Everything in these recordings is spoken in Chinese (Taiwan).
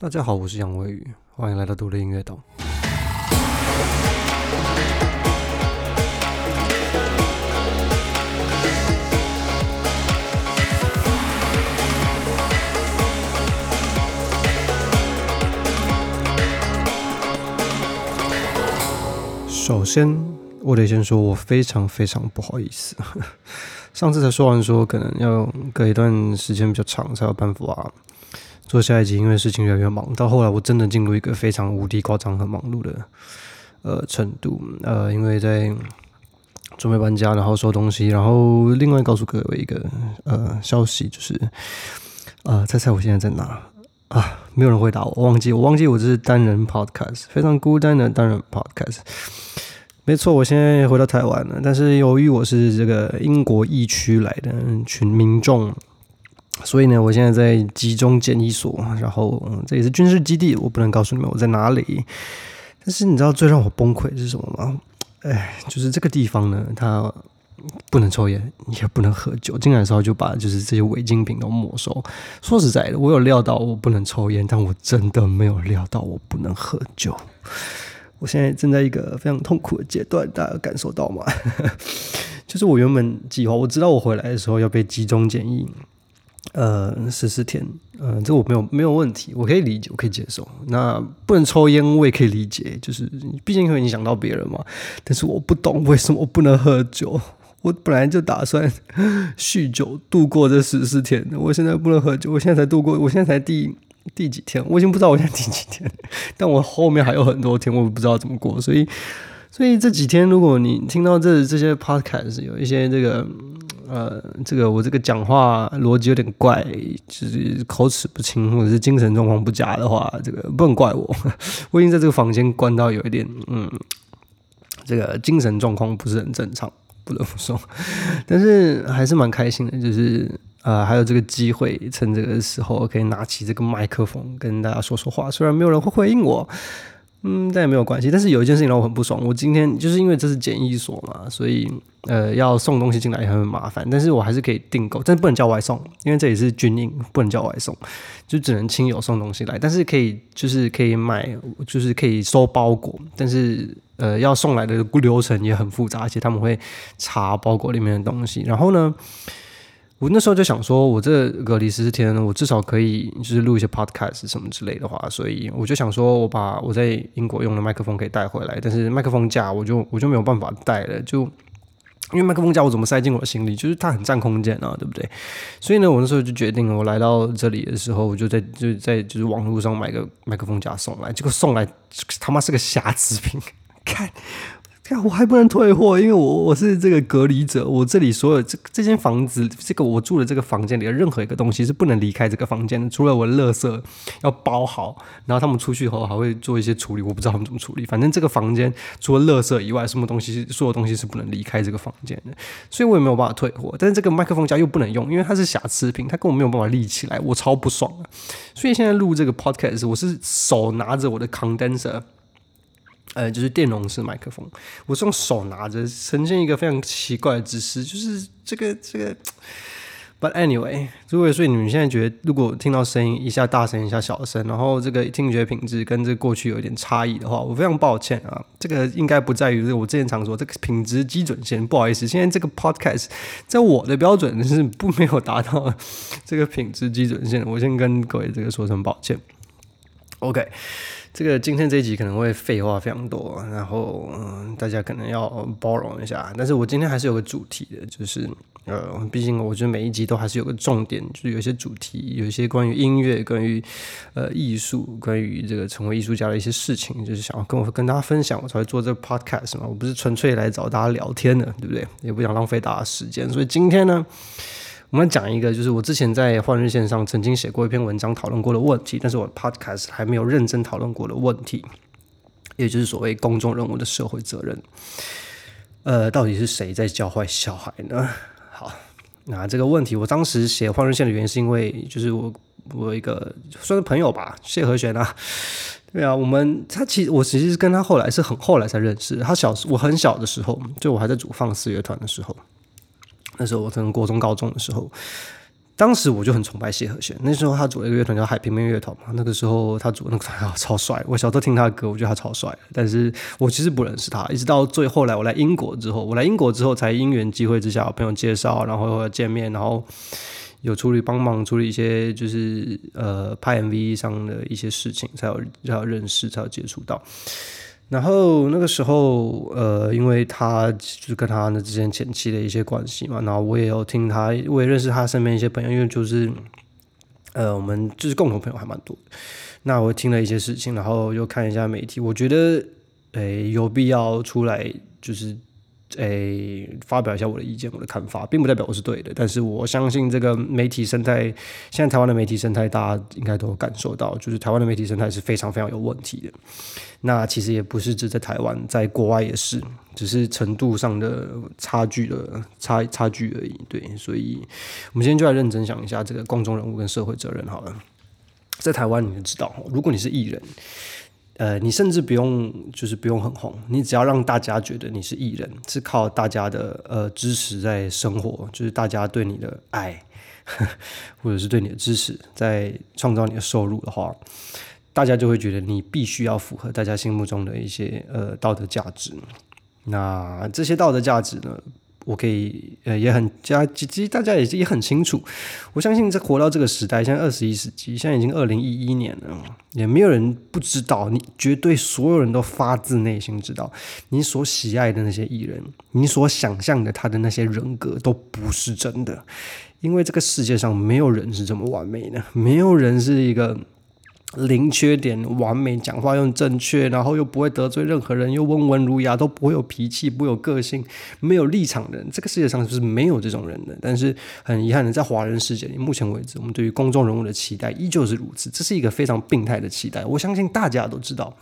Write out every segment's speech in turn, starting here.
大家好，我是楊威宇，歡迎來到獨立音樂島。首先，我得先說我非常非常不好意思， 上次才說完說可能要隔一段時間比較長才有辦法、啊。做下一集，因為事情越來越忙，到後來我真的進入一個非常無敵誇張和忙碌的呃程度。呃，因為在準備搬家，然後收東西，然後另外告訴各位一個呃消息，就是啊、呃，猜猜我現在在哪？啊，沒有人回答我，我忘記我忘記我這是單人 podcast，非常孤單的單人 podcast。沒錯，我現在回到台灣了，但是由於我是這個英國疫區來的群民眾，所以呢，我現在在集中檢疫所，然後、嗯、這也是軍事基地，我不能告訴你們我在哪裡。但是你知道最讓我崩潰的是什麼嗎？哎，就是這個地方呢，它不能抽煙，也不能喝酒。進來的時候就把就是這些違禁品都沒收。說實在的，我有料到我不能抽煙，但我真的沒有料到我不能喝酒。我現在正在一個非常痛苦的階段，大家感受到嗎？ 就是我原本計劃，我知道我回來的時候要被集中檢疫。呃，十四天，嗯、呃，這我沒有沒有問題，我可以理解，我可以接受。那不能抽菸，我也可以理解，就是畢竟會影響到別人嘛。但是我不懂為什麼我不能喝酒，我本來就打算酗酒度過這十四天。我現在不能喝酒，我現在才度過，我現在才第第幾天？我已經不知道我現在第幾天，但我後面還有很多天，我不知道怎麼過。所以，所以這幾天，如果你聽到這這些 Podcast 有一些這個。呃，這個我這個講話邏輯有點怪，就是口齒不清，或者是精神狀況不佳的話，這個不能怪我。我已經在這個房間關到有一點，嗯，這個精神狀況不是很正常，不得不說。但是還是蠻開心的，就是啊、呃，還有這個機會，趁這個時候可以拿起這個麥克風跟大家說說話，雖然沒有人會回應我。嗯，但也沒有關係。但是有一件事情讓我很不爽，我今天就是因為這是檢疫所嘛，所以呃要送東西進來也很麻煩。但是我還是可以訂購，但是不能叫外送，因為這裡是軍營，不能叫外送，就只能親友送東西來。但是可以就是可以買，就是可以收包裹，但是呃要送來的流程也很複雜，而且他們會查包裹裡面的東西。然後呢，我那時候就想說，我這隔離十四天呢，我至少可以就是錄一些 podcast 什麼之類的話，所以我就想說，我把我在英國用的麥克風可以帶回來，但是麥克風架我就我就沒有辦法帶了，就因為麥克風架我怎麼塞進我行李，就是它很占空間啊，對不對？所以呢，我那時候就決定，我來到這裡的時候，我就在就在就是網絡上買個麥克風架送來，結果送來他媽是個瑕疵品，看。哎、呀，我還不能退貨，因為我我是這個隔離者，我這裡所有這這間房子，這個我住的這個房間裡的任何一個東西是不能離開這個房間的，除了我的垃圾要包好，然後他們出去後還會做一些處理，我不知道他們怎麼處理，反正這個房間除了垃圾以外，什麼東西所有東西是不能離開這個房間的，所以我也沒有辦法退貨。但是這個麥克風架又不能用，因為它是瑕疵品，它根本沒有辦法立起來，我超不爽啊！所以現在錄這個 podcast，我是手拿着我的 condenser。呃，就是電容式麥克風，我是用手拿着，呈現一個非常奇怪的姿勢，就是這個這個。But anyway，諸位，所以你們現在覺得，如果聽到聲音一下大聲一下小聲，然後這個聽覺品質跟這過去有一點差異的話，我非常抱歉啊，這個應該不在於我之前常說這個品質基準線。不好意思，現在這個 podcast 在我的標準是不沒有達到這個品質基準線，我先跟各位這個說聲抱歉。OK。這個今天這一集可能會廢話非常多，然後、呃、大家可能要包容一下。但是我今天還是有個主題的，就是呃，畢竟我覺得每一集都還是有個重點，就是有些主題，有些關於音樂，關於呃藝術，關於這個成為藝術家的一些事情，就是想要跟我跟大家分享，我才會做這個 podcast 嘛。我不是純粹來找大家聊天的，對不對？也不想浪費大家時間，所以今天呢。我們講一個，就是我之前在《換日線》上曾經寫過一篇文章討論過的問題，但是我 Podcast 還沒有認真討論過的問題，也就是所謂公眾人物的社會責任。呃，到底是誰在教壞小孩呢？好，那這個問題，我當時寫《換日線》的原因是因為，就是我我有一個算是朋友吧，謝和弦啊，對啊，我們他其實我其實跟他後來是很後來才認識，他小時我很小的時候，就我還在組放肆樂團的時候。那時候我國中高中的時候，當時我就很崇拜謝和弦。那時候他組了一個樂團叫海平面樂團嘛。那個時候他組那個團啊超帥，我小時候聽他的歌，我覺得他超帥。但是我其實不認識他，一直到最後來我來英國之後，我來英國之後才因緣際會之下，朋友介紹，然後會見面，然後有助理幫忙處理一些就是呃拍 MV 上的一些事情，才有才有認識，才有接觸到。然後那個時候，呃，因為他就是跟他之前前妻的一些關係嘛，然後我也有聽他，我也認識他身邊一些朋友，因為就是，呃，我們就是共同朋友還蠻多。那我聽了一些事情，然後又看一下媒體，我覺得，誒、呃，有必要出來就是。誒，發表一下我的意見，我的看法，並不代表我是對的。但是我相信這個媒體生態，現在台灣的媒體生態，大家應該都感受到，就是台灣的媒體生態是非常非常有問題的。那其實也不是只在台灣，在國外也是，只是程度上的差距的差差距而已。對，所以，我們今天就來認真想一下這個公眾人物跟社會責任好了。在台灣，你就知道，如果你是藝人。呃，你甚至不用，就是不用很紅，你只要讓大家覺得你是藝人，是靠大家的呃支持在生活，就是大家對你的愛，呵或者是對你的支持，在創造你的收入的話，大家就會覺得你必須要符合大家心目中的一些呃道德價值。那這些道德價值呢？我可以，呃，也很家，其其實大家也也很清楚。我相信在活到這個時代，像二十一世紀，現在已經二零一一年了，也沒有人不知道。你絕對所有人都發自內心知道，你所喜愛的那些藝人，你所想象的他的那些人格都不是真的，因為這個世界上沒有人是這麼完美的，沒有人是一個。零缺點、完美講話又正確，然後又不會得罪任何人，又溫文儒雅，都不會有脾氣，不會有個性，沒有立場的人，這個世界上是沒有這種人的。但是很遺憾的，在華人世界裡，目前為止，我們對於公眾人物的期待依舊是如此。這是一個非常病態的期待，我相信大家都知道。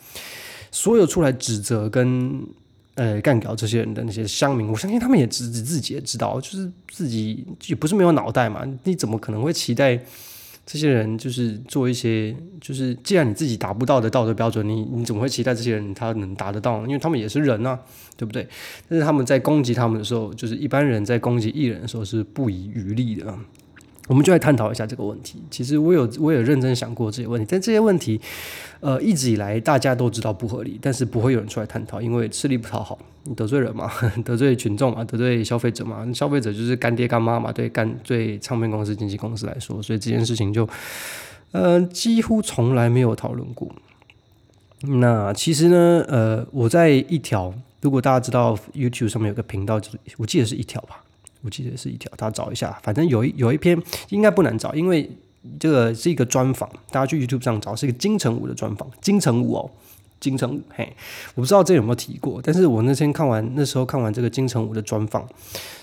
所有出來指責跟呃幹掉這些人的那些鄉民，我相信他們也自己自己也知道，就是自己也不是沒有腦袋嘛，你怎麼可能會期待？這些人就是做一些，就是既然你自己達不到的道德標準，你你怎麼會期待這些人他能達得到呢？因為他們也是人啊，對不對？但是他們在攻擊他們的時候，就是一般人在攻擊藝人的時候是不遺餘力的。我們就來探討一下這個問題。其實我有我有認真想過這些問題，但這些問題，呃，一直以來大家都知道不合理，但是不會有人出來探討，因為吃力不討好，你得罪人嘛，得罪群眾嘛，得罪消費者嘛，消費者就是乾爹乾媽嘛對，對干對唱片公司經紀公司來說，所以這件事情就，呃，幾乎從來沒有討論過。那其實呢，呃，我在一條，如果大家知道 YouTube 上面有個頻道，就是我記得是一條吧。我記得是一條，大家找一下，反正有一有一篇應該不難找，因為這個是一個專訪，大家去 YouTube 上找，是一個金城武的專訪。金城武哦，金城武嘿，我不知道這有沒有提過，但是我那天看完那時候看完這個金城武的專訪，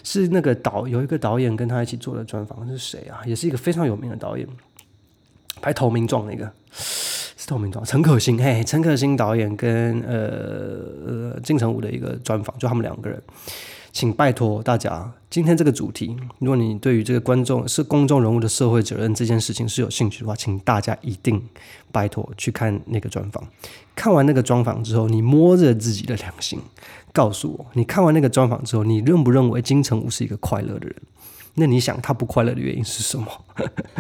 是那個導有一個導演跟他一起做的專訪，是誰啊？也是一個非常有名的導演，拍《投名狀》的一個，是《投名狀》。陳可辛嘿，陳可辛導演跟呃呃金城武的一個專訪，就他們兩個人。請拜托大家，今天這個主題，如果你對於這個觀眾是公眾人物的社會責任這件事情是有興趣的話，請大家一定拜托去看那個專訪。看完那個專訪之後，你摸着自己的良心，告訴我，你看完那個專訪之後，你認不認為金城武是一個快樂的人？那你想他不快樂的原因是什麼？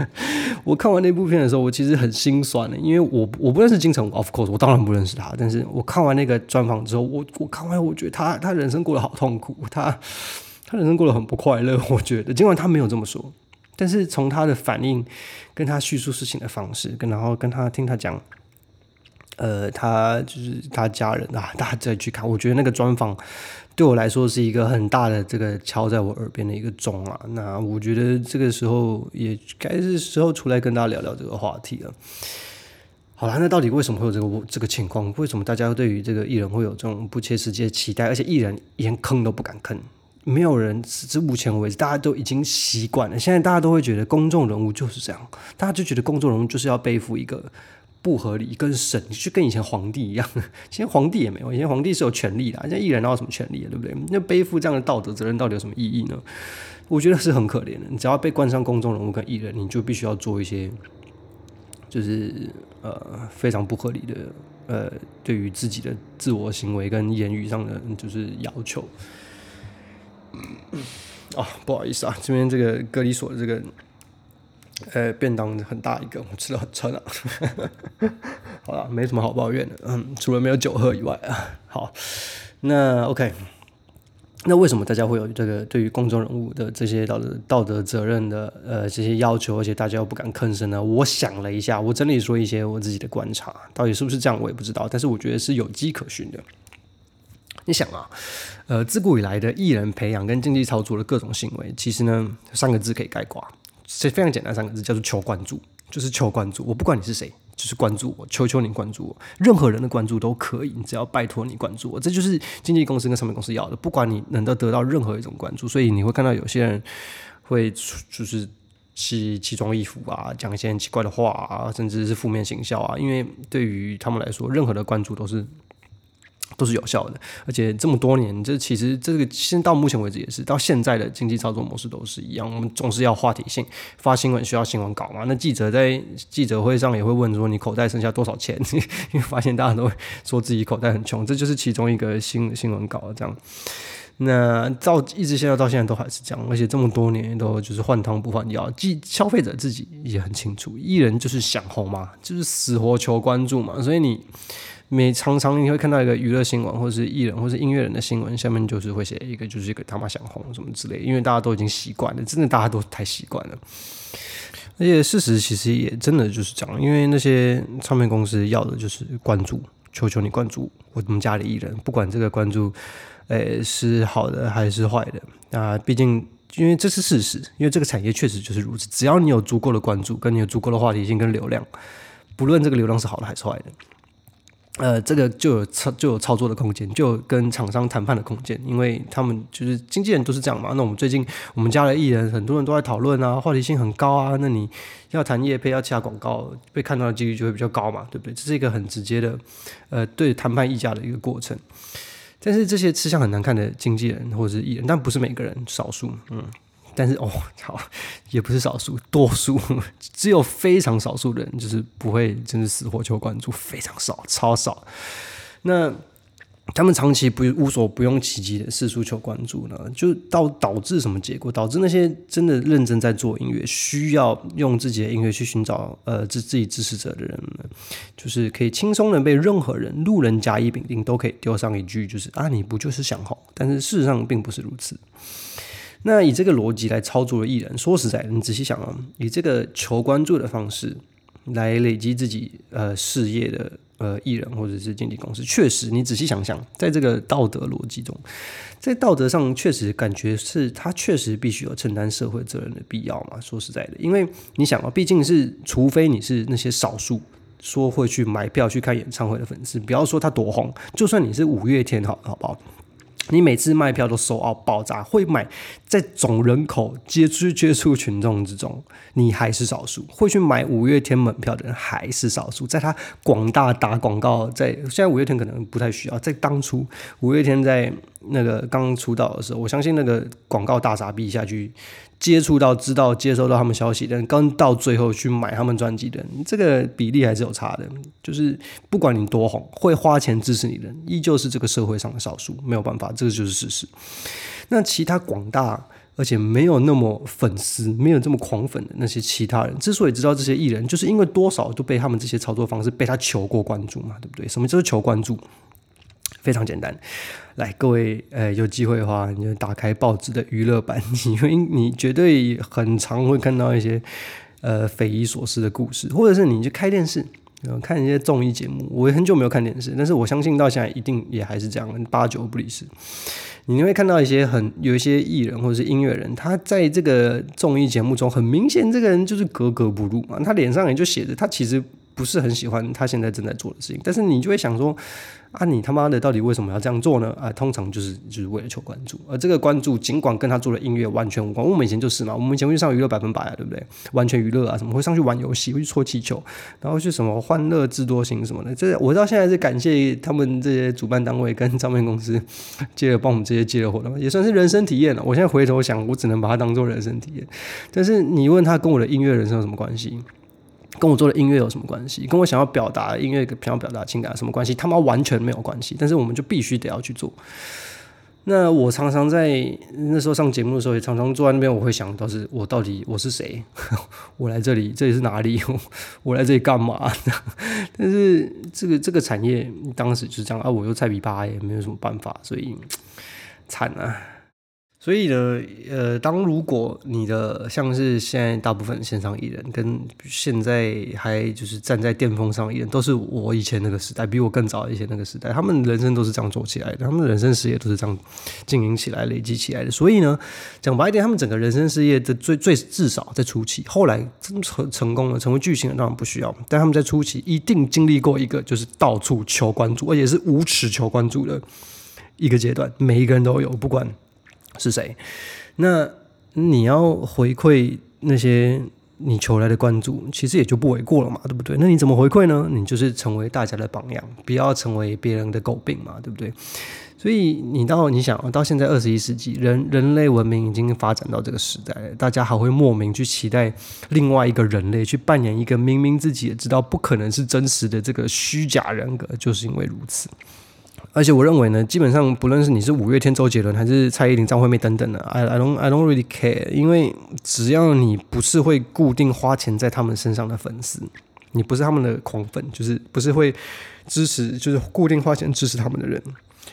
我看完那部片的時候，我其實很心酸的，因為我我不認識金城，of course，我當然不認識他。但是我看完那個專訪之後，我我看完，我覺得他他人生過得好痛苦，他他人生過得很不快樂。我覺得，儘管他沒有這麼說，但是從他的反應，跟他敘述事情的方式，跟然後跟他聽他講，呃，他就是他家人啊，大家再去看，我覺得那個專訪。對我來說是一個很大的這個敲在我耳邊的一個鐘啊，那我覺得這個時候也該是時候出來跟大家聊聊這個話題了。好了，那到底為什麼會有這個這個情況？為什麼大家對於這個藝人會有這種不切實際的期待？而且藝人連吭都不敢吭，沒有人，直至目前為止大家都已經習慣了，現在大家都會覺得公眾人物就是這樣，大家就覺得公眾人物就是要背負一個。不合理，跟神，就跟以前皇帝一樣。以前皇帝也沒有，以前皇帝是有權利的、啊，現在藝人哪有什麼權利、啊？對不對？那背負這樣的道德責任，到底有什麼意義呢？我覺得是很可憐的。你只要被冠上公眾人物跟藝人，你就必須要做一些，就是呃非常不合理的呃對於自己的自我行為跟言語上的就是要求。嗯、哦，不好意思啊，這邊這個隔離所的這個。呃，便當很大一個，我吃了很撐啊。 好了，沒什麼好抱怨的，嗯，除了沒有酒喝以外啊。好，那 OK，那為什麼大家會有這個對於公眾人物的這些道德，道德責任的呃這些要求，而且大家又不敢吭聲呢？我想了一下，我整理說一些我自己的觀察，到底是不是這樣我也不知道，但是我覺得是有跡可循的。你想啊，呃，自古以來的藝人培養跟經紀操作的各種行為，其實呢，三個字可以概括。這非常簡單三個字，叫做求關注，就是求關注。我不管你是誰，就是關注我，求求你關注我。任何人的關注都可以，你只要拜托你關注我。這就是經紀公司跟唱片公司要的，不管你能夠得到任何一種關注。所以你會看到有些人會就是奇奇裝異服啊，講一些很奇怪的話啊，甚至是負面形象啊。因為對於他們來說，任何的關注都是。都是有效的，而且這麼多年，這其實這個，現到目前為止也是到現在的經紀操作模式都是一樣。我們總是要話題性發新聞，需要新聞稿嘛？那記者在記者會上也會問說，你口袋剩下多少錢？因為發現大家都會說自己口袋很窮，這就是其中一個新新聞稿這樣。那到一直現在到現在都還是這樣，而且這麼多年都就是換湯不換藥，既消費者自己也很清楚，藝人就是想紅嘛，就是死活求關注嘛，所以你。每常常你會看到一個娛樂新聞，或者是藝人，或者是音樂人的新聞，下面就是會寫一個，就是一個他媽想紅什麼之類。因為大家都已經習慣了，真的大家都太習慣了。而且事實其實也真的就是這樣，因為那些唱片公司要的就是關註，求求你關註我，我們家裡藝人，不管這個關註，誒、哎、是好的還是壞的。那畢竟因為這是事實，因為這個產業確實就是如此。只要你有足夠的關註，跟你有足夠的話題性跟流量，不論這個流量是好的還是壞的。呃，這個就有操就有操作的空間，就有跟廠商談判的空間，因為他們就是經紀人都是這樣嘛。那我們最近我們家的藝人很多人都在討論啊，話題性很高啊。那你要談業配，要下廣告，被看到的幾率就會比較高嘛，對不對？這是一個很直接的，呃，對談判議價的一個過程。但是這些吃相很難看的經紀人或者是藝人，但不是每個人，少數，嗯。但是哦，好，也不是少數，多數只有非常少數的人，就是不會，就是死活求關注，非常少，超少。那他們長期不無所不用其極的四處求關注呢，就到導致什麼結果？導致那些真的認真在做音樂，需要用自己的音樂去尋找呃自自己支持者的人們，就是可以輕鬆的被任何人、路人甲乙丙丁都可以丟上一句，就是啊，你不就是想紅？但是事實上並不是如此。那以這個邏輯來操作的藝人，說實在的，你仔細想啊、哦，以這個求關注的方式來累積自己呃事業的呃藝人或者是經紀公司，確實你仔細想想，在這個道德邏輯中，在道德上確實感覺是他確實必須有承擔社會責任的必要嘛？說實在的，因為你想啊、哦，畢竟是除非你是那些少數說會去買票去看演唱會的粉絲，不要說他多紅，就算你是五月天好，好好不好？你每次賣票都收到爆炸，會買在總人口接觸接觸群眾之中，你還是少數會去買五月天門票的人，還是少數，在他廣大打廣告在，在現在五月天可能不太需要，在當初五月天在那個剛出道的時候，我相信那個廣告大砸幣下去。接觸到、知道、接收到他們消息的人，跟到最後去買他們專輯的人，這個比例還是有差的。就是不管你多紅，會花錢支持你的人，依舊是這個社會上的少數，沒有辦法，這個就是事實。那其他廣大，而且沒有那麼粉絲、沒有這麼狂粉的那些其他人，之所以知道這些藝人，就是因為多少都被他們這些操作方式被他求過關注嘛，對不對？什麼叫做求關注？非常簡單，來各位，呃，有機會的話，你就打開報紙的娛樂版，因為你絕對很常會看到一些，呃，匪夷所思的故事，或者是你去開電視，呃，看一些綜藝節目。我也很久沒有看電視，但是我相信到現在一定也還是這樣，八九不離十。你會看到一些很有一些藝人或者是音樂人，他在這個綜藝節目中，很明顯這個人就是格格不入嘛，他臉上也就寫着，他其實。不是很喜歡他現在正在做的事情，但是你就會想說，啊，你他媽的到底為什麼要這樣做呢？啊，通常就是就是為了求關注，而這個關注儘管跟他做的音樂完全無關。我們以前就是嘛，我們以前會上娛樂百分百，啊，對不對？完全娛樂啊，什麼會上去玩遊戲，會去戳氣球，然後是什麼歡樂智多星什麼的。這我到現在是感謝他們這些主辦單位跟唱片公司，接了幫我們這些接了活動，也算是人生體驗了。我現在回頭想，我只能把它當做人生體驗。但是你問他跟我的音樂人生有什麼關係？跟我做的音樂有什麼關係？跟我想要表達音樂、想要表達情感，有什麼關係？他媽完全沒有關係。但是我們就必須得要去做。那我常常在那時候上節目的時候，也常常坐在那邊，我會想到是：我到底我是誰？ 我來這裡這裡是哪裡？ 我來這裡幹嘛？ 但是這個這個產業當時就是這樣啊！我又菜比八，也沒有什麼辦法，所以慘啊。所以呢，呃，當如果你的像是現在大部分的線上藝人，跟現在還就是站在巔峰上的藝人，都是我以前那個時代，比我更早一些那個時代，他們人生都是這樣做起來的，他們的人生事業都是這樣經營起來、累積起來的。所以呢，講白一點，他們整個人生事業的最最至少在初期，後來真成成功了，成為巨星，當然不需要。但他們在初期一定經歷過一個，就是到處求關注，而且是無恥求關注的一個階段，每一個人都有，不管是誰？那你要回饋那些你求來的關注，其實也就不為過了嘛，對不對？那你怎麼回饋呢？你就是成為大家的榜樣，不要成為別人的詬病嘛，對不對？所以你到你想到現在二十一世紀，人人類文明已經發展到這個時代了，大家還會莫名去期待另外一個人類去扮演一個明明自己也知道不可能是真實的這個虛假人格，就是因為如此。而且我認為呢，基本上不論是你是五月天、周杰倫，還是蔡依林、張惠妹等等的、啊、，I I don't I don't really care，因為只要你不是會固定花錢在他們身上的粉絲，你不是他們的狂粉，就是不是會支持，就是固定花錢支持他們的人，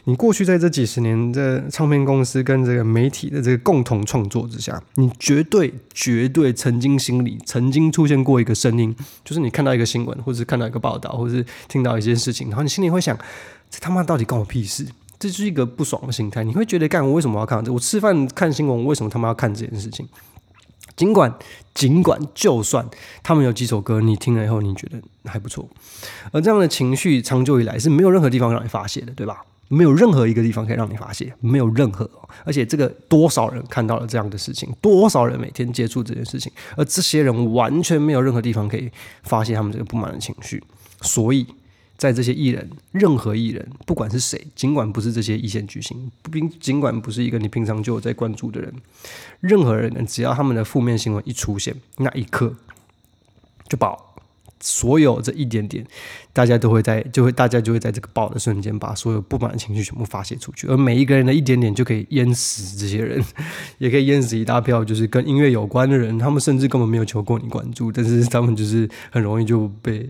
你過去在這幾十年的唱片公司跟這個媒體的這個共同創作之下，你絕對絕對曾經心裡曾經出現過一個聲音，就是你看到一個新聞，或者看到一個報道，或者是聽到一件事情，然後你心裡會想。這他媽到底關我屁事？這是一個不爽的心態。你會覺得幹我為什麼要看？我吃飯看新聞，我為什麼他媽要看這件事情？儘管盡管，就算他們有幾首歌，你聽了以後你覺得還不錯，而這樣的情緒長久以來是沒有任何地方讓你發洩的，對吧？沒有任何一個地方可以讓你發洩，沒有任何。而且這個多少人看到了這樣的事情，多少人每天接觸這件事情，而這些人完全沒有任何地方可以發洩他們這個不滿的情緒，所以。在這些藝人，任何藝人，不管是誰，儘管不是這些一線巨星，不儘管不是一個你平常就有在關注的人，任何人，只要他們的負面新聞一出現，那一刻就爆。所有這一點點，大家都會在，就會大家就會在這個爆的瞬間，把所有不滿的情緒全部發洩出去。而每一個人的一點點，就可以淹死這些人，也可以淹死一大票，就是跟音樂有關的人。他們甚至根本沒有求過你關注，但是他們就是很容易就被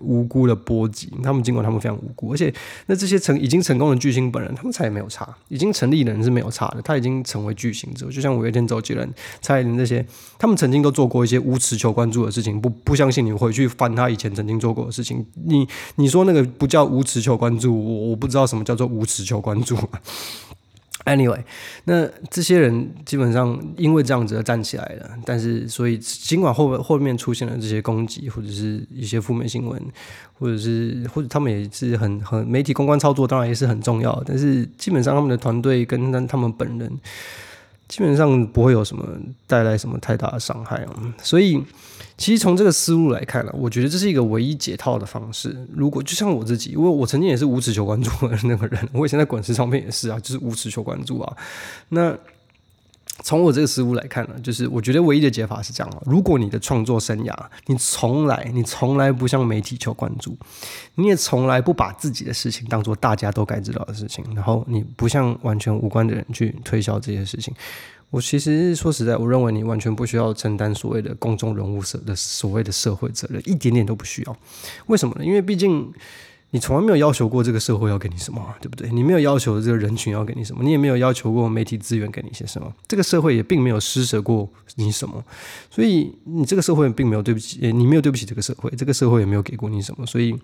無辜的波及。他們儘管他們非常無辜，而且那這些成已經成功的巨星本人，他們才沒有差。已經成立的人是沒有差的，他已經成為巨星之後，就像五月天、周杰倫、蔡依林這些，他們曾經都做過一些無恥求關注的事情。不不相信你回去，翻他以前曾經做過的事情，你你說那個不叫無恥求關注，我我不知道什麼叫做無恥求關注。Anyway，那這些人基本上因為這樣子而站起來了，但是所以儘管後後面出現了這些攻擊或者是一些負面新聞，或者是或者他們也是很很媒體公關操作，當然也是很重要，但是基本上他們的團隊跟他們本人基本上不會有什麼帶來什麼太大的傷害啊，所以。其實從這個思路來看呢啊，我覺得這是一個唯一解套的方式。如果就像我自己，因為我曾經也是無恥求關注的那個人，我以前在滾石上面也是啊，就是無恥求關注啊。那從我這個思路來看呢啊，就是我覺得唯一的解法是這樣啊，如果你的創作生涯，你從來你從來不向媒體求關注，你也從來不把自己的事情當做大家都該知道的事情，然後你不向完全無關的人去推銷這些事情。我其實說實在，我認為你完全不需要承擔所謂的公眾人物社的所謂的社會責任，一點點都不需要。為什麼呢？因為畢竟你從來沒有要求過這個社會要給你什麼啊，對不對？你沒有要求這個人群要給你什麼，你也沒有要求過媒體資源給你一些什麼。這個社會也並沒有施捨過你什麼，所以你這個社會並沒有對不起，你沒有對不起這個社會，這個社會也沒有給過你什麼，所以，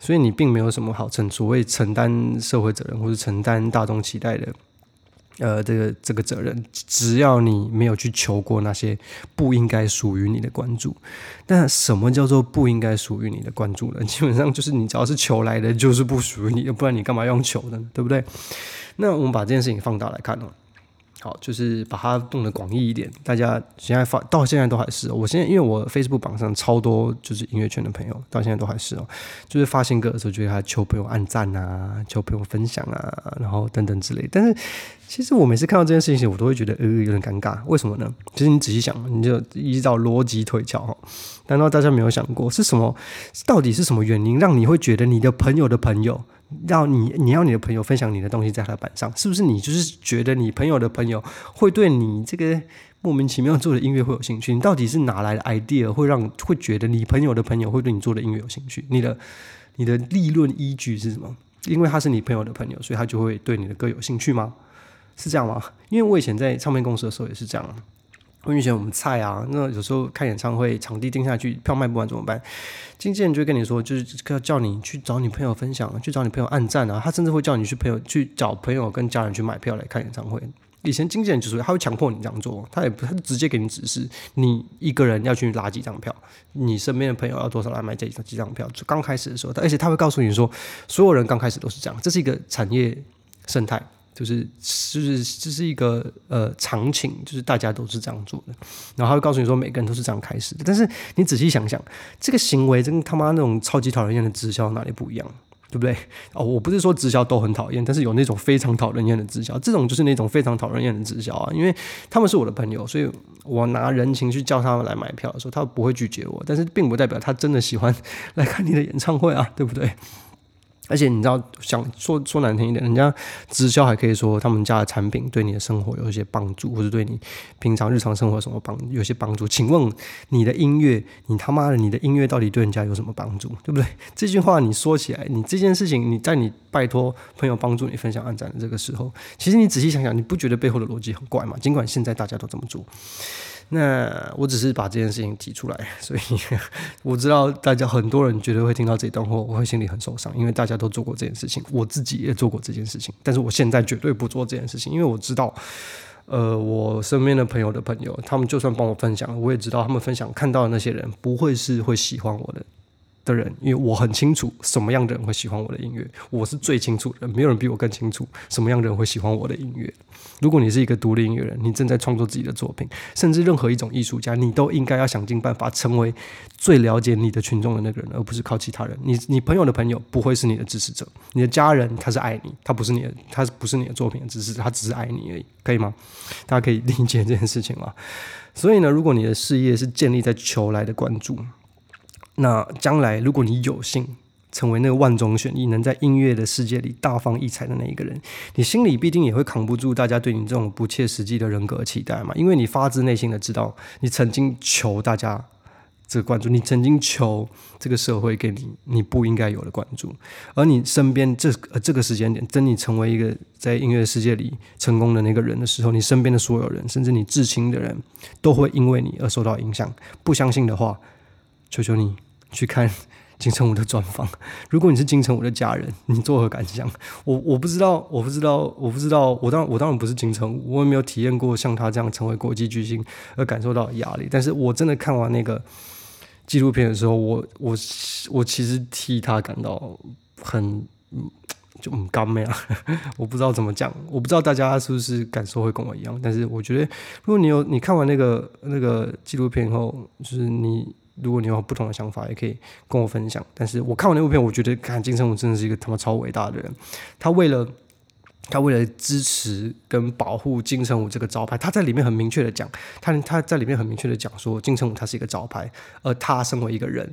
所以你並沒有什麼好承所謂承擔社會責任或者承擔大眾期待的。呃，這個這個責任，只要你沒有去求過那些不應該屬於你的關注，那什麼叫做不應該屬於你的關注呢？基本上就是你只要是求來的，就是不屬於你的，不然你幹嘛用求呢？對不對？那我們把這件事情放大來看哦。好，就是把它弄得廣義一點。大家現在發到現在都還是，我現在因為我 Facebook 榜上超多就是音樂圈的朋友，到現在都還是哦。就是發新歌的時候，覺得還求朋友按讚啊，求朋友分享啊，然後等等之類。但是其實我每次看到這件事情，我都會覺得呃，有點尷尬。為什麼呢？其實你仔細想，你就依照邏輯推敲哈，難道大家沒有想過是什麼？到底是什麼原因讓你會覺得你的朋友的朋友？讓你，你要你的朋友分享你的東西在他的板上，是不是你就是覺得你朋友的朋友會對你這個莫名其妙做的音樂會有興趣？你到底是哪來的 idea 會讓會覺得你朋友的朋友會對你做的音樂有興趣？你的你的立論依據是什麼？因為他是你朋友的朋友，所以他就會對你的歌有興趣嗎？是這樣嗎？因為我以前在唱片公司的時候也是這樣。我以前我們菜啊，那有時候看演唱會，場地定下去，票賣不完怎麼辦？經紀人就會跟你說，就是要叫你去找你朋友分享，去找你朋友按讚啊，他甚至會叫你去朋友去找朋友跟家人去買票來看演唱會。以前經紀人就是他會強迫你這樣做，他也不他直接給你指示，你一個人要去拿幾張票，你身邊的朋友要多少來買這幾幾張票。就剛開始的時候，而且他會告訴你說，所有人剛開始都是這樣，這是一個產業生態。就是就是這、就是一個呃常情。就是大家都是這樣做的，然後他會告訴你說每個人都是這樣開始的。但是你仔細想想，這個行為跟他媽那種超級討人厭的直銷哪裡不一樣，對不對？哦，我不是說直銷都很討厭，但是有那種非常討人厭的直銷，這種就是那種非常討人厭的直銷啊。因為他們是我的朋友，所以我拿人情去叫他們來買票的時候，他不會拒絕我，但是並不代表他真的喜歡來看你的演唱會啊，對不對？而且你知道，想說說難聽一點，人家直銷還可以說他們家的產品對你的生活有一些幫助，或者對你平常日常生活什麼幫有些幫助。請問你的音樂，你他媽的，你的音樂到底對人家有什麼幫助，對不對？這句話你說起來，你這件事情，你在你拜託朋友幫助你分享按讚的這個時候，其實你仔細想想，你不覺得背後的邏輯很怪嗎？儘管現在大家都這麼做。那我只是把這件事情提出來，所以我知道大家很多人絕對會聽到這段話，我會心裡很受傷，因為大家都做過這件事情，我自己也做過這件事情，但是我現在絕對不做這件事情，因為我知道，呃，我身邊的朋友的朋友，他們就算幫我分享，我也知道他們分享看到的那些人，不會是會喜歡我的的人，因為我很清楚什麼樣的人會喜歡我的音樂，我是最清楚的，沒有人比我更清楚什麼樣的人會喜歡我的音樂。如果你是一個獨立音樂人，你正在創作自己的作品，甚至任何一種藝術家，你都應該要想盡辦法成為最了解你的群眾的那個人，而不是靠其他人。你你朋友的朋友不會是你的支持者，你的家人他是愛你，他不是你的，他不是你的作品，只是他只是愛你而已，可以嗎？大家可以理解這件事情嗎？所以呢，如果你的事業是建立在求來的關注。那將來，如果你有幸成為那個萬中選一，能在音樂的世界裡大放異彩的那一個人，你心裡必定也會扛不住大家對你這種不切實際的人格期待嘛？因為你發自內心的知道，你曾經求大家這個關注，你曾經求這個社會給你你不應該有的關注，而你身邊這、呃、這個時間點，等你成為一個在音樂世界裡成功的那個人的時候，你身邊的所有人，甚至你至親的人，都會因為你而受到影響。不相信的話，求求你。去看金城武的專訪。如果你是金城武的家人，你作何感想？我我不知道，我不知道，我不知道。我當然我當然不是金城武，我也沒有體驗過像他這樣成為國際巨星而感受到壓力。但是我真的看完那個紀錄片的時候，我我我其實替他感到很嗯，就很干悶啊！ 我不知道怎麼講，我不知道大家是不是感受會跟我一樣。但是我覺得，如果你有你看完那個那個紀錄片以後，就是你。如果你有不同的想法，也可以跟我分享。但是我看完那部片，我覺得，看金城武真的是一個他媽媽超偉大的人。他為了他為了支持跟保護金城武這個招牌，他在裡面很明確的講，他他在裡面很明確的講說，金城武他是一個招牌，而他身為一個人，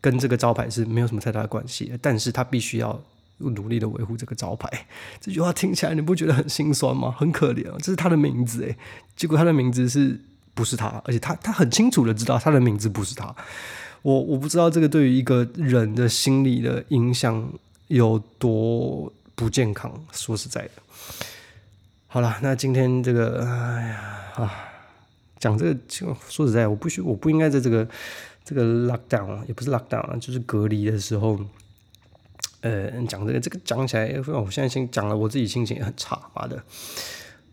跟這個招牌是沒有什麼太大的關係的。但是他必須要努力的維護這個招牌。這句話聽起來你不覺得很心酸嗎？很可憐啊，這是他的名字誒，結果他的名字是。不是他，而且他他很清楚的知道他的名字不是他，我我不知道這個對於一個人的心理的影響有多不健康，說實在的。好了，那今天這個，哎呀啊，講這個就說實在的，我不需我不應該在這個這個 lockdown 也不是 lockdown，就是隔離的時候，呃，講這個這個講起來，我現在先講了，我自己心情也很差，媽的。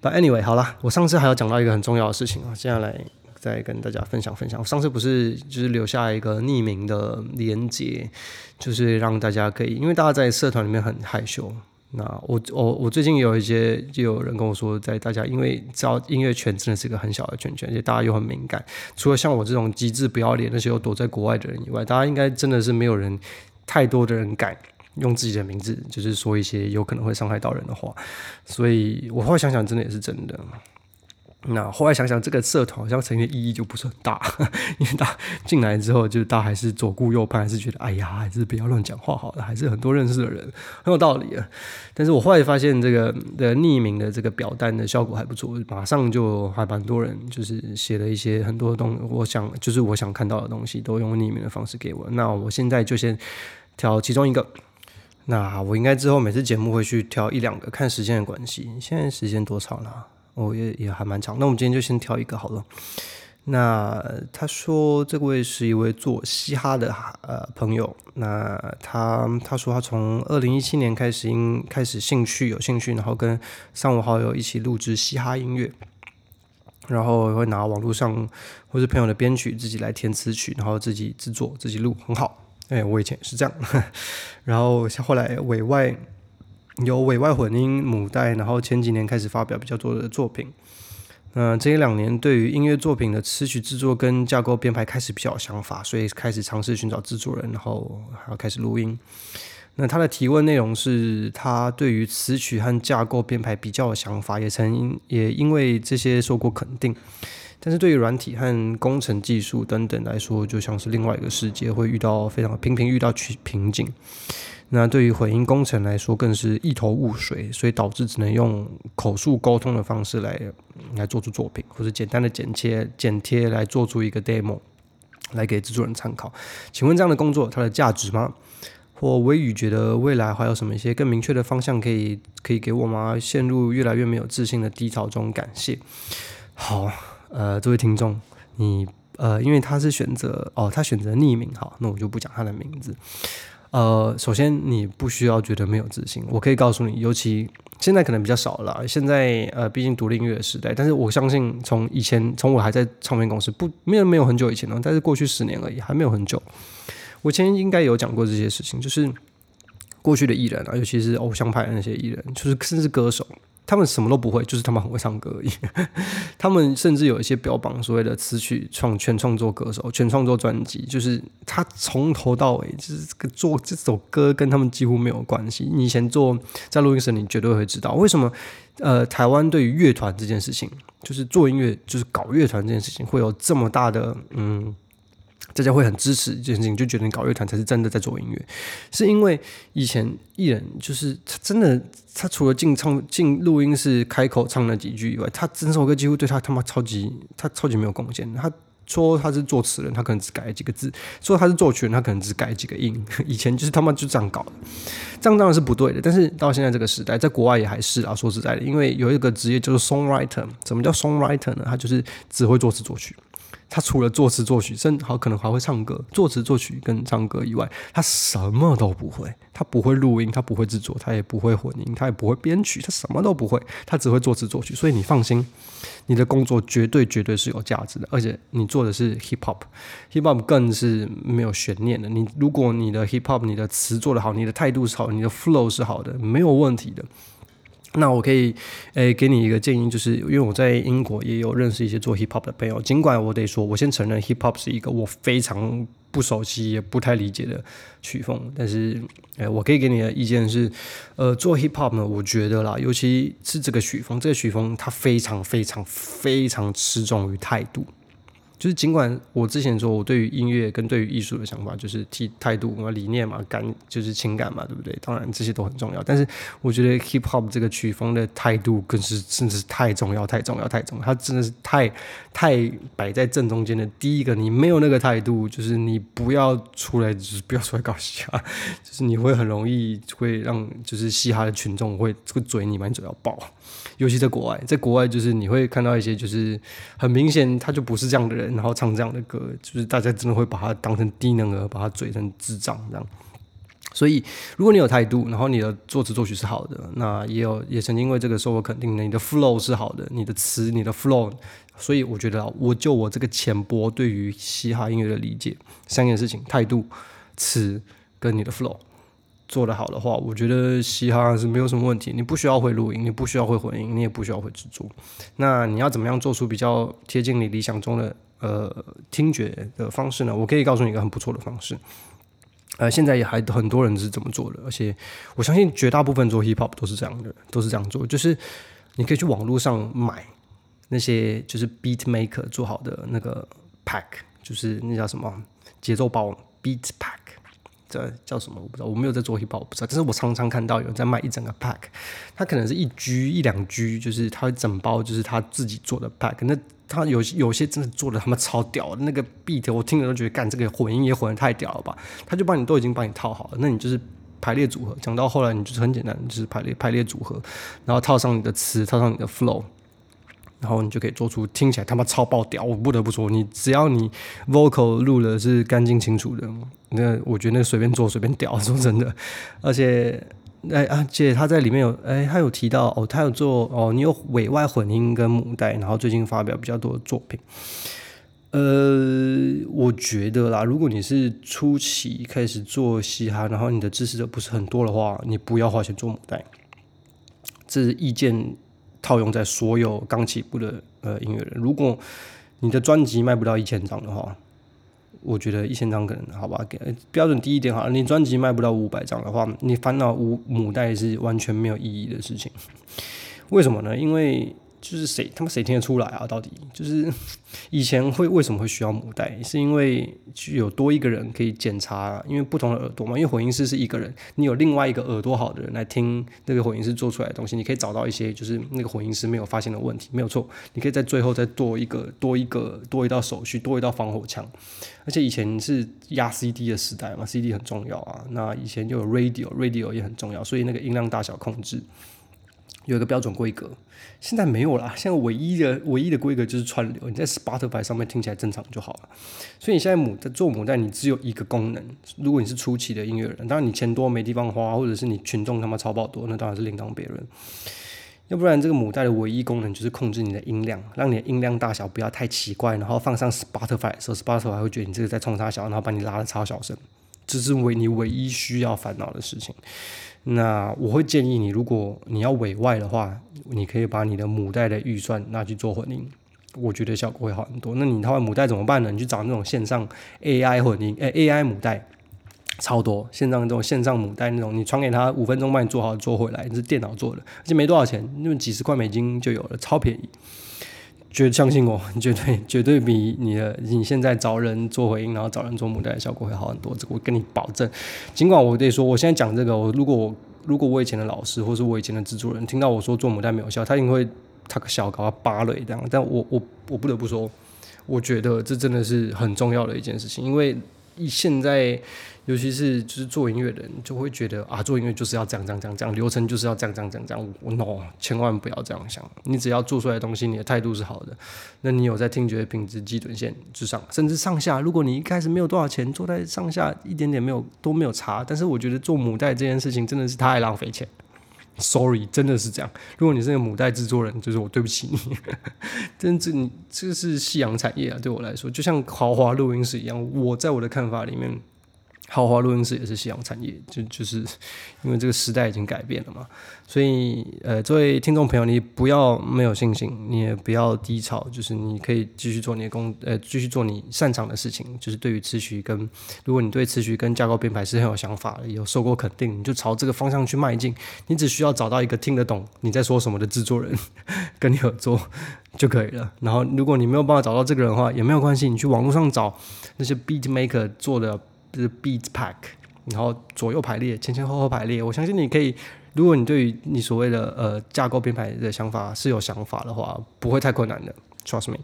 But anyway，好啦，我上次還要講到一個很重要的事情啊，接下來再跟大家分享分享。我上次不是就是留下一個匿名的連結，就是讓大家可以，因為大家在社團裡面很害羞。那我我我最近有一些，就有人跟我說，在大家因為知道音樂圈真的是一個很小的圈圈，而且大家又很敏感。除了像我這種極致不要臉，那些又躲在國外的人以外，大家應該真的是沒有人太多的人敢。用自己的名字，就是說一些有可能會傷害到人的話，所以我後來想想，真的也是真的。那後來想想，這個社團好像成立的意義就不是很大，因為大家進來之後，就大家還是左顧右盼，還是覺得哎呀，還是不要亂講話好了，還是很多認識的人，很有道理啊。但是我後來發現，這個的匿名的這個表單的效果還不錯，馬上就還蠻多人，就是寫了一些很多東，我想就是我想看到的東西，都用匿名的方式給我。那我現在就先挑其中一個。那我應該之後每次節目會去挑一兩個，看時間的關係。現在時間多長了，啊？哦，也也還蠻長。那我們今天就先挑一個好了。那他說這個位是一位做嘻哈的呃朋友。那他他說他從二零一七年開始，開始興趣有興趣，然後跟三五好友一起錄製嘻哈音樂，然後會拿網絡上或是朋友的編曲自己來填詞曲，然後自己製作自己錄，很好。哎，我以前是這樣， 然後後來委外有委外混音母帶，然後前幾年開始發表比較多的作品。那這一兩年，對於音樂作品的詞曲製作跟架構編排開始比較有想法，所以開始嘗試尋找製作人，然後還要開始錄音。那他的提問內容是他對於詞曲和架構編排比較有想法，也曾因也因為這些受過肯定。但是對於軟體和工程技術等等來說，就像是另外一個世界，會遇到非常頻頻遇到瓶頸。那對於混音工程來說，更是一頭霧水，所以導致只能用口述溝通的方式來來做出作品，或者簡單的剪切剪貼來做出一個 demo 來給制作人參考。請問這樣的工作有它的價值嗎？或微宇覺得未來還有什麼一些更明確的方向可以可以給我嗎？陷入越來越沒有自信的低潮中，感謝。好。呃，這位聽眾，你呃，因為他是選擇哦，他選擇匿名，好，那我就不講他的名字。呃，首先你不需要覺得沒有自信，我可以告訴你，尤其現在可能比較少了，現在呃，畢竟獨立音樂的時代，但是我相信從以前，從我還在唱片公司不沒有沒有很久以前呢，但是過去十年而已，還沒有很久。我前應該有講過這些事情，就是過去的藝人啊，尤其是偶像派的那些藝人，就是甚至歌手。他們什麼都不會，就是他們很會唱歌而已。他們甚至有一些標榜所謂的詞曲創全創作歌手、全創作專輯，就是他從頭到尾就是做這首歌，跟他們幾乎沒有關係。你以前做，在錄音室，你絕對會知道為什麼。呃，台灣對於樂團這件事情，就是做音樂，就是搞樂團這件事情，會有這麼大的，嗯。大家會很支持一件事情，就覺得你搞樂團才是真的在做音樂，是因為以前藝人就是他真的，他除了進唱進錄音室開口唱那幾句以外，他整首歌幾乎對他他媽超級他超級沒有貢獻。他說他是作詞人，他可能只改幾個字，說他是作曲人，他可能只改幾個音。以前就是他媽就這樣搞的，這樣當然是不對的。但是到現在這個時代，在國外也還是啊。說實在的，因為有一個職業叫做 songwriter，怎麼叫 songwriter 呢？他就是只會作詞作曲。他除了作詞作曲，真好可能還會唱歌。作詞作曲跟唱歌以外，他什麼都不會。他不會錄音，他不會制作，他也不會混音，他也不會編曲，他什麼都不會。他只會作詞作曲。所以你放心，你的工作絕對絕對是有價值的。而且你做的是 hip hop，hip hop 更是沒有懸念的。你如果你的 hip hop，你的詞做得好，你的態度是好，你的 flow 是好的，沒有問題的。那我可以，誒、欸，給你一個建議，就是因為我在英國也有認識一些做 hip hop 的朋友。儘管我得說，我先承認 hip hop 是一個我非常不熟悉、也不太理解的曲風。但是，誒、欸，我可以給你的意見是，呃，做 hip hop 呢，我覺得啦，尤其是這個曲風，這個曲風它非常非常非常吃重於態度。就是儘管我之前說我對於音樂跟對於藝術的想法，就是替態度嘛、理念嘛、感就是情感嘛，對不對？當然這些都很重要，但是我覺得 hip hop 這個曲風的態度更是，真的是太重要、太重要、太重要，它真的是太太擺在正中間的。第一個，你沒有那個態度，就是你不要出來，就是不要出來搞嘻哈，就是你會很容易會讓就是嘻哈的群眾會這個嘴你滿嘴要爆，尤其在國外，在國外就是你會看到一些就是很明顯他就不是這樣的人。然後唱這樣的歌，就是大家真的會把他當成低能兒，把他嘴成智障這樣。所以，如果你有態度，然後你的作詞作曲是好的，那也有也曾經因為這個受過肯定的，你的 flow 是好的，你的詞，你的 flow。所以我覺得啊，我就我這個淺薄對於嘻哈音樂的理解，三件事情：態度、詞跟你的 flow 做得好的話，我覺得嘻哈是沒有什麼問題。你不需要會錄音，你不需要會混音，你也不需要會制作。那你要怎麼樣做出比較貼近你理想中的？呃，聽覺的方式呢？我可以告訴你一個很不錯的方式。呃，現在也還很多人是怎麼做的，而且我相信絕大部分做 hiphop 都是這樣的，都是這樣做，就是你可以去網絡上買那些就是 beat maker 做好的那個 pack，就是那叫什麼節奏包 beat pack，這叫什麼我不知道，我沒有在做 hiphop 不知道，但是我常常看到有人在賣一整個 pack，他可能是一 G 一兩 G，就是他一整包就是他自己做的 pack 那。他有有些真的做的他媽超屌的，那個 beat 我聽了都覺得幹，這個混音也混得太屌了吧？他就幫你都已經幫你套好了，那你就是排列組合。講到後來，你就是很簡單，就是排列排列組合，然後套上你的詞，套上你的 flow，然後你就可以做出聽起來他媽超爆屌。我不得不說，你只要你 vocal 錄的是乾淨清楚的，那我覺得那隨便做隨便屌，說真的，而且。哎啊姐，他在裡面有哎，他有提到哦，他有做哦，你有委外混音跟母帶，然後最近發表比較多的作品。呃，我覺得啦，如果你是初期開始做嘻哈，然後你的支持者不是很多的話，你不要花錢做母帶。這是意見，套用在所有剛起步的呃音樂人。如果你的專輯賣不到一千張的話。我覺得一千張可能好吧，給標準低一點好了。你專輯賣不到五百張的話，你煩惱五母帶是完全沒有意義的事情。為什麼呢？因為。就是誰他們誰聽得出來啊？到底就是以前會為什麼會需要母帶？是因為有多一個人可以檢查，因為不同的耳朵嘛。因為混音師是一個人，你有另外一個耳朵好的人來聽那個混音師做出來的東西，你可以找到一些就是那個混音師沒有發現的問題，沒有錯。你可以在最後再多一個多一個多一道手續，多一道防火牆。而且以前是壓 CD 的時代嘛，CD 很重要啊。那以前就有 radio，radio 也很重要，所以那個音量大小控制，有一個標準規格，現在沒有啦。現在唯一的唯一的規格就是串流，你在 Spotify 上面聽起來正常就好了。所以你現在母在做母帶，你只有一個功能。如果你是初期的音樂人，當然你錢多沒地方花，或者是你群眾他媽超爆多，那當然是另當別論。要不然這個母帶的唯一功能就是控制你的音量，讓你的音量大小不要太奇怪，然後放上 Spotify 的時候，Spotify 會覺得你這個在衝三小，然後把你拉得超小聲，這是為你唯一需要煩惱的事情。那我會建議你，如果你要委外的話，你可以把你的母帶的預算拿去做混音，我覺得效果會好很多。那你他母帶怎麼辦呢？你去找那種線上 AI 混音，欸，AI 母帶超多，線上這種線上母帶那種，你傳給他五分鐘幫你做好做回來，你是電腦做的，而且沒多少錢，那麼幾十塊美金就有了，超便宜。絕對相信我，你絕對絕對比你的你現在找人做回音，然後找人做母帶效果會好很多，這我跟你保證。儘管我得說，我現在講這個，我如果我如果我以前的老師或者我以前的製作人聽到我說做母帶沒有效，他一定會他個笑搞要扒了一這樣。但我我我不得不說，我覺得這真的是很重要的一件事情，因為。現在，尤其是就是做音樂的人，就會覺得啊，做音樂就是要這樣這樣這樣這樣，流程就是要這樣這樣這樣這樣。Oh no，千萬不要這樣想。你只要做出來的東西，你的態度是好的，那你有在聽覺品質基準線之上，甚至上下。如果你一開始沒有多少錢，做在上下一點點沒有，都沒有差。但是我覺得做母帶這件事情真的是太浪費錢。Sorry，真的是這樣。如果你是那個母帶製作人，就是我對不起你。 真正，這個是夕陽產業啊。對我來說，就像豪華錄音室一樣。我在我的看法裡面。豪華錄音室也是夕陽產業，就就是因為這個時代已經改變了嘛。所以，呃，作為聽眾朋友，你不要沒有信心，你也不要低潮，就是你可以繼續做你的工，呃，繼續做你擅長的事情。就是對於詞曲跟，如果你對詞曲跟架構編排是很有想法的，有受過肯定，你就朝這個方向去邁進。你只需要找到一個聽得懂你在說什麼的制作人 跟你合作就可以了。然後，如果你沒有辦法找到這個人的話，也沒有關係，你去網絡上找那些 beat maker 做的。是 beat pack，然後左右排列，前前後後排列。我相信你可以，如果你對於你所謂的呃架構編排的想法是有想法的話，不會太困難的。Trust me。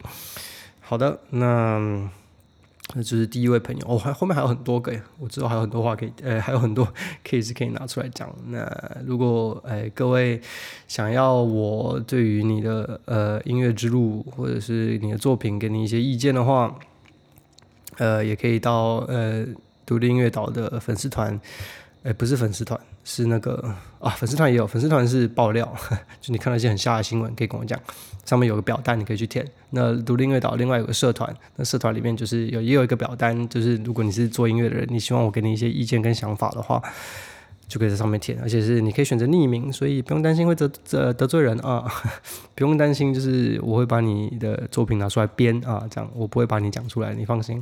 好的，那那就是第一位朋友。哦，還後面還有很多個，我知道還有很多話可以，呃，還有很多 case 可以拿出來講。那如果呃各位想要我對於你的呃音樂之路或者是你的作品給你一些意見的話，呃，也可以到呃。獨立音樂島的粉絲團，哎，不是粉絲團，是那個啊，粉絲團也有，粉絲團是爆料，就你看了一些很瞎的新聞，可以跟我講。上面有個表單，你可以去填。那獨立音樂島另外有個社團，那社團裡面就是有，也有一個表單，就是如果你是做音樂的人，你希望我給你一些意見跟想法的話，就可以在上面填。而且是你可以選擇匿名，所以不用擔心會得呃得罪人啊，不用擔心就是我會把你的作品拿出來編啊，這樣，我不會把你講出來，你放心。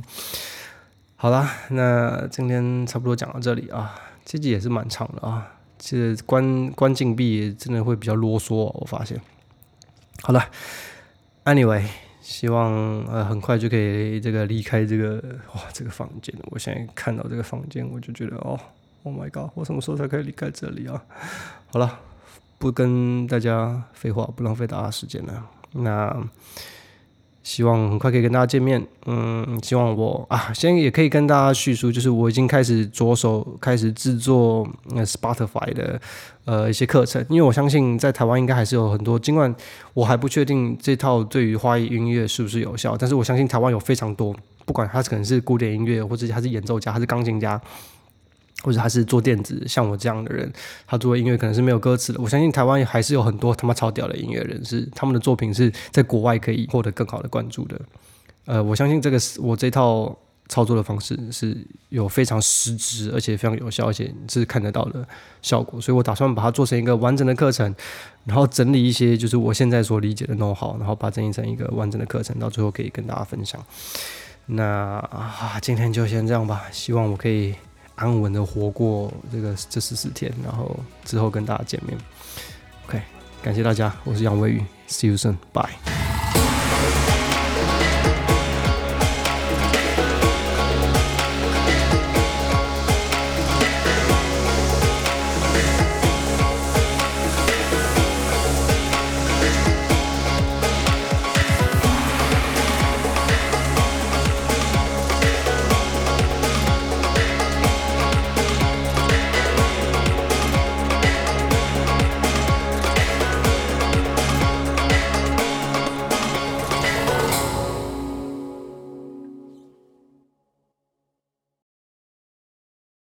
好啦，那今天差不多講到這裡啊，這集也是蠻長的啊。其實關關禁閉真的會比較囉嗦啊，我發現。好了，anyway，希望呃很快就可以這個離開這個哇這個房間。我現在看到這個房間，我就覺得哦，oh my god，我什麼時候才可以離開這裡啊？好了，不跟大家廢話，不浪費大家時間了。那。希望很快可以跟大家見面。嗯，希望我啊，先也可以跟大家敘述，就是我已經開始着手開始製作、呃、Spotify 的呃一些課程，因為我相信在台灣應該還是有很多。儘管我還不確定這套對於華語音樂是不是有效，但是我相信台灣有非常多，不管它可能是古典音樂，或者他是演奏家，還是鋼琴家。或者他是做電子，像我這樣的人，他做的音樂可能是沒有歌詞的。我相信台灣還是有很多他媽超屌的音樂人，是他們的作品是在國外可以獲得更好的關注的。呃，我相信這個是我這套操作的方式是有非常實質，而且非常有效，而且是看得到的效果。所以我打算把它做成一個完整的課程，然後整理一些就是我現在所理解的 know-how，然後把它整理成一個完整的課程，到最後可以跟大家分享。那啊，今天就先這樣吧，希望我可以。安穩的活過這個這十四天，然後之後跟大家見面。OK，感謝大家，我是楊偉宇，See you soon，bye。